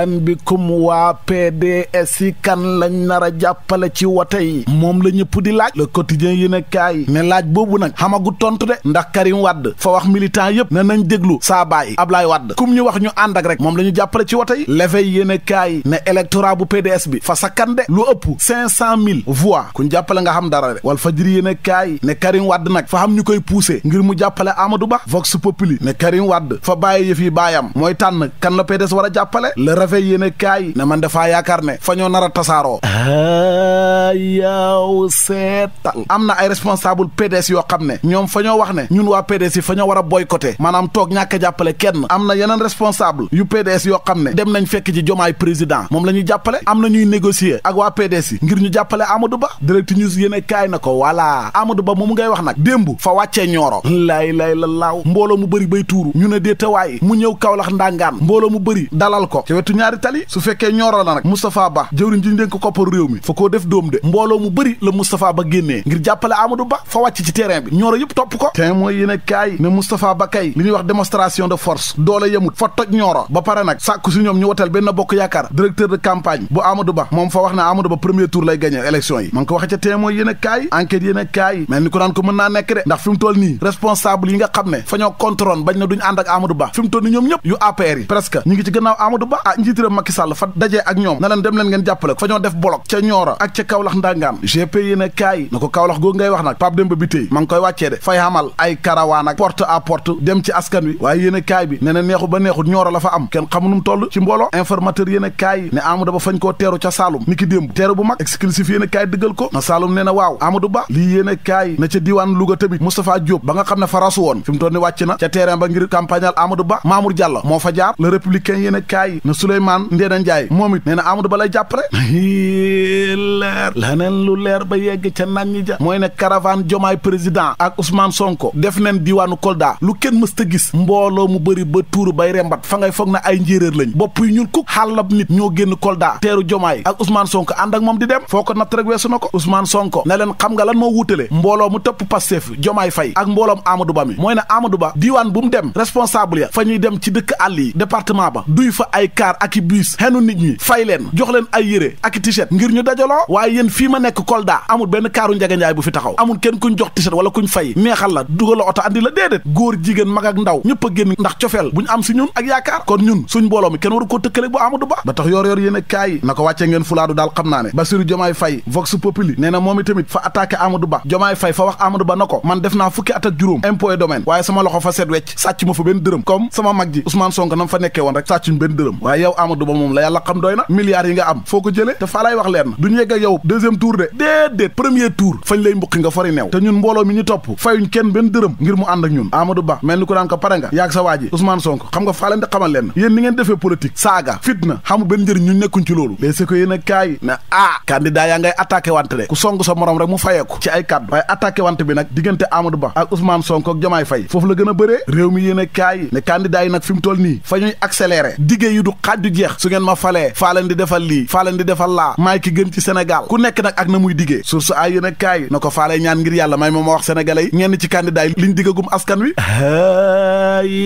salaam bikum waa PDS yi kan lañ nar a jàppale ci wote yi moom la ñëpp di laaj le quotidien yi ne kaay ne laaj boobu nag xamagu tontu de ndax Karim Wade fa wax militant yëpp ne nañ déglu saa baay Ablaye Wade kum ñu wax ñu ànd ak rek moom la ñu jàppale ci wote yi l'éveil yéen kaay ne électorat bu PDS bi fa sakkan de lu ëpp cinq cent mille voix ku jàppale nga xam dara de Walf Fadjri yéen kaay ne Karim Wade nag fa xam ñu koy poussé ngir mu jàppale Amadou Ba Vox Populi ne a jafe-jafe a kaay ne man dafaa yaakaar ne fa ñoo nar a tasaaroo ah, yaw seetal mm. am na ay responsable PDS yoo xam ne ñoom fa ñoo wax ne ñun waa PDS yi fa ñoo war a boycotté maanaam toog ñàkk jàppale kenn am na yeneen responsable yu PDS yoo xam ne dem nañ fekk ci jomaay président moom la ñuy jàppale am na ñuy négocier ak waa PDS yi ngir ñu jàppale Amadou Ba direct news kaay na ko voilà Amadou Ba moom ngay wax nag démb fa wàccee ñooro lay laay la laaw mbooloo mu bëri bay tuuru ñu ne déetawaay mu ñëw Kaolack ndàngaan mbooloo mu bëri dalal ñaari tali su fekkee ñooro la nag Moustapha Ba jëwriñ ji dénk kopparu réew mi fa koo def dóom de mbooloo mu bëri la Moustapha Ba génnee ngir jàppale Amadou Ba fa wàcc ci terrain bi ñooro yëpp topp ko te mooy yéen a kaay ne Ba kay li ñuy wax démonstration de force doole yemut fa toj ñooro ba pare nag sàkku si ñoom ñu woteel benn bokk yaakaar directeur de campagne bu Amadou Ba moom fa wax na Amadou Ba premier tour lay gagné élection yi ma ngi njiitëram Macky Sall fa dajee ak ñoom na leen dem leen ngeen jàppale ko def bloc ca Nioro ak ca Kaolack ndangaan gp yéen a kaay na ko Kaolack goo ngay wax nag Pape Demba bi tey ma koy wàccee de fay xamal ay karawaan porte à dem ci askan wi waaye yéen a kaay bi ne neexu ba neexut Nioro la fa am kenn xamu nu ci mbooloo informateur yéen a kaay ne Amadou Ba fañ koo teeru ca Saalum ni démb teeru bu mag exclusif yéen a kaay dëggal ko na Saalum a a Souleymane Ndeena Ndiaye moom it nee na Amadou Ba lay jàppale leer laneen lu leer ba yegg ca nan ñi ja mooy ne caravane jomaay président ak Ousmane Sonko def neen diiwaanu Kolda lu kenn mësta gis mbooloo mu bëri ba tuuru bay rembat fa ngay foog na ay njéeréer lañ bopp yu ñuul kuk xàllab nit ñoo génn Kolda teeru jomaay ak Ousmane sonk ànd ak moom di dem foo ko natt rek weesu na ko Ousmane Sonko ne leen xam nga lan moo wuutale mbooloo mu topp Pastef jomaay fay ak mbooloom amadu Ba mi mooy ne amadu Ba diiwaan bu mu dem responsable fa ñuy dem ci dëkk àll yi département ba duy fa ay kaar ak i bus xenu nit ñi fay leen jox leen ay yére ak i waaye yéen fii ma nekk Kolda amul benn kaaru njaganjaay bu fi taxaw amul kenn kuñ jox tiset wala kuñ fay neexal la dugal la oto andi la déedéet góor jigéen mag ak ndaw ñëpp a génn ndax cofeel bu ñu am si ñun ak yaakaar kon ñun suñ mbooloo mi kenn waru koo tëkkale bu Amadou Ba ba tax yor yor yéen a kaay yi na ko wàccee ngeen fulaadu daal xam naa ne Bassirou Diomaye Faye Vox Populi nee na moom itamit fa attaqué Amadou Ba Diomaye Faye fa wax Amadou Ba na ko def naa fukki at ak juróom impôt domaine waaye sama loxo fa set wecc sàcc ma fa benn dërëm comme sama mag ji Ousmane Sonko nam fa nekkee woon rek sàccuñ benn dërëm waaye yow Amadou Ba moom am foo ko jëlee te faa ak yow deuxième de déedéet premier tour fañ lay mbuqi nga fari neew te ñun mbooloo mi ñu topp fayuñ kenn benn dërëm ngir mu ànd ak ñun Amadou Ba mel ni ku daan ko pare nga yaag sa waaji Ousmane Sonko xam nga faa leen xamal leen yéen ni ngeen defee politique saaga fitna xamul benn njëriñ ñun nekkuñ ci loolu les si ko a ne ah candidat yaa ngay attaqué wante de ku song sa morom rek mu fayeeku ci ay kàddu waaye attaqué wante bi nag diggante Amadou du Sénégal ku nekk nag ak na muy digee source ay yéen a kaay na ko faalee ñaan ngir yàlla may moom ma wax sénégalais yi ñenn ci candidat yi liñ diggagum askan wi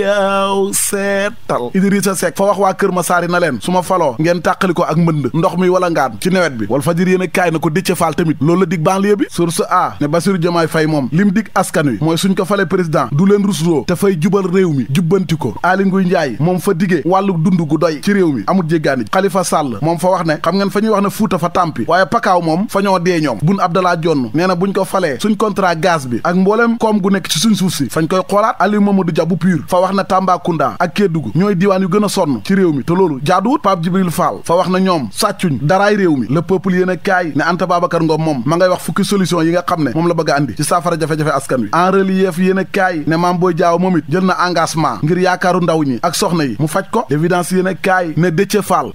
yaaw seetal Idrissa Seck fa wax waa Kër saari na leen su ma faloo ngeen tàqali ko ak mbënd ndox mi wala ngaan ci nawet bi wal fajir yéen a kaay na ko Déthié Fall tamit loolu la dig banlieue bi source a ne Bassirou Diomaye Faye moom lim dig askan wi mooy suñ ko falee président du leen rusloo te fay jubal réew mi jubbanti ko Aly Ngouille Ndiaye moom fa digee wàllu dund gu doy ci réew mi amul jéggaani Khalifa Sall moom fa ne xam ngeen fa ñuy wax ne Fuuta fa tàmpi pakaaw moom fa ñoo dee ñoom bun Abdallah Jonn nee na buñ ko falee suñ contrat gaz bi ak mboolem koom gu nekk ci suñ suuf si fañ koy xoolaat Aliou Mamadou Dia bu pur fa wax na Tambacounda ak Kédougou ñooy diiwaan yu gën sonn ci réew mi te loolu jaaduwut Pape Djibril Fall fa wax na ñoom sàccuñ daraay réew mi le peuple yéen a kaay ne Anta Babacar Ngom moom ma ngay wax fukki solution yi nga xam ne moom la bëgg a andi ci saafara jafe-jafe askan a kaay ne engagement ngir yaakaaru ndaw ñi ak soxna mu ko l'évidence yéen a kaay ne Déthié Fall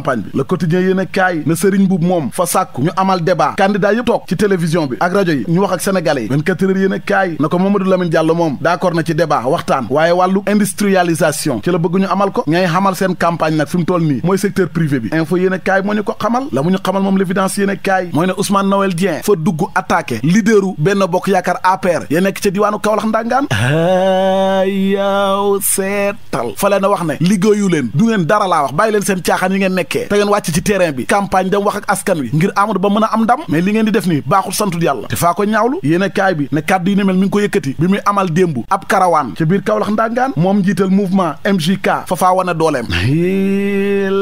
campagne bi le kaay ne Serigne Mboup moom fa sàkku ñu amal débat candidat yëpp toog ci télévision bi ak rajo yi ñu wax ak sénégalais yi 24 heures yéen kaay na ko Mamadou Lamine Diallo moom d'accord na ci débat waxtaan waaye wàllu industrialisation ci la bëgg amal ko ñay xamal seen campagne nag fi toll nii mooy secteur privé bi info yéen a kaay moo ñu ko xamal la mu ñu xamal moom l'évidence yéen kaay mooy ne Ousmane Noël Dieng fa dugg attaqué nekkee te ngeen wàcc ci terrain bi campagne dem wax ak askan wi ngir Amadou Ba mën a am ndam mais li ngeen di def ni baaxul santul yàlla te faa ko ñaawlu yéen bi ne kàddu yi ni ko yëkkati bi muy amal démbu ab karawaan ca biir Kaolack ndangaan moom njiital mouvement MJK fa faa wane dooleem leer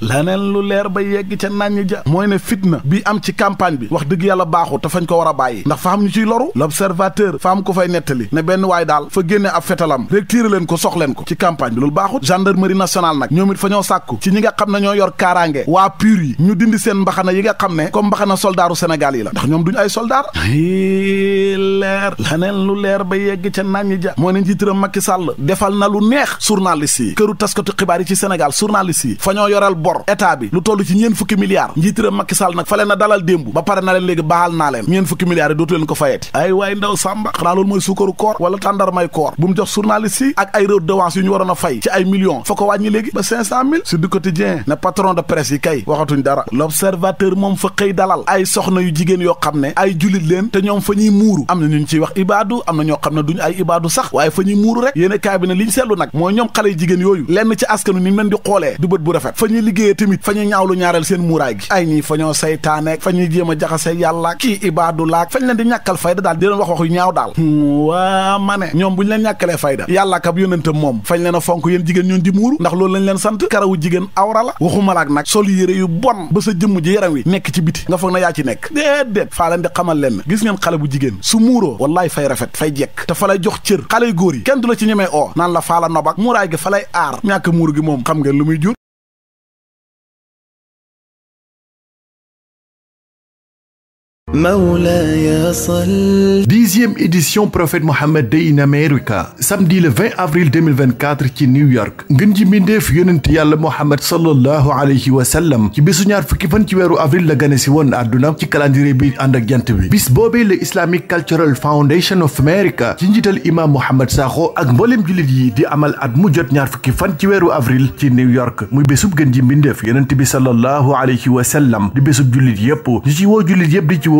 laneen lu leer ba yegg ca naññ ja mooy ne fitna bi am ci campagne bi wax dëgg yàlla baaxul te fañ ko war a bàyyi ndax fa am ñu ciy loru l'observateur fa am ko fay nettali ne ko sox leen ko ci campagne bi loolu baaxul gendarmerie nationale nag yor kaaraange waa PUR yi ñu dindi seen mbaxana yi nga xam ne comme mbaxana soldaaru Sénégal yi la ndax ñoom duñu ay soldaar leer laneen lu leer ba yegg ca naan ñi ja moo ne njiitaram Macky defal na lu neex journaliste yi këru taskatu xibaar yi ci Sénégal journaliste yi fa yoreel bor état bi lu toll ci ñeen fukki milliards njiitaram Macky Sall nag fa leen na dalal démb ba pare na leen léegi baal naa leen ñeen fukki milliards yi dootu leen ko fayeti ay waay ndaw sàmba xanaa loolu ay redevance patron de presse yi kay waxatuñ dara l'observateur moom fa xëy dalal ay soxna yu jigéen yoo xam ne ay jullit leen te ñoom fa ñuy muuru am na ñu ciy wax ibaadu am na ñoo xam ne duñ ay ibaadu sax waaye fa ñuy muuru rek yéen kaay bi ne nag mooy ñoom xale yu jigéen yooyu lenn ci askanu ni leen di xoolee du bët bu rafet fa ñuy liggéeyee tamit fa ñuy ñaawlu ñaareel seen muuraay gi ay ñii fa ñoo saytaaneek fa ñuy jéem a jaxase yàlla kii ibaadu laak fañ hmm, a waxuma laak nag sol yére yu bon ba sa jëmm ji yaram wi nekk ci biti nga foog na yaa ci nekk déedéet faa leen di xamal leen gis ngeen xale bu jigéen su muuroo wallaay fay rafet fay jekk te fa lay jox cër xale yu góor yi kenn du la ci ñemee oo naan la faala nobak muuraay gi fa lay aar ñàkk muur gi moom xam ngeen lu muy jur Mawlaya Sall. dixième édition prophète Mohammed Day in America samedi le 20 avril 2024 ci New York ngën ji mbindeef yonent yàlla Mohammed sallallahu alayhi wa sallam ci bésu ñaar fukki fan ci weeru avril la gane si woon àdduna ci calendrier bi ànd ak jant bi bis boobee le Islamic Cultural Foundation of America ci njiital imaam Mohamed Sakho ak mbooleem jullit yi di amal at mu jot ñaar fukki fan ci weeru avril ci New York muy bésub gën ji mbindeef yonent bi sallallahu alayhi wa sallam di bésub ci woo jullit yépp di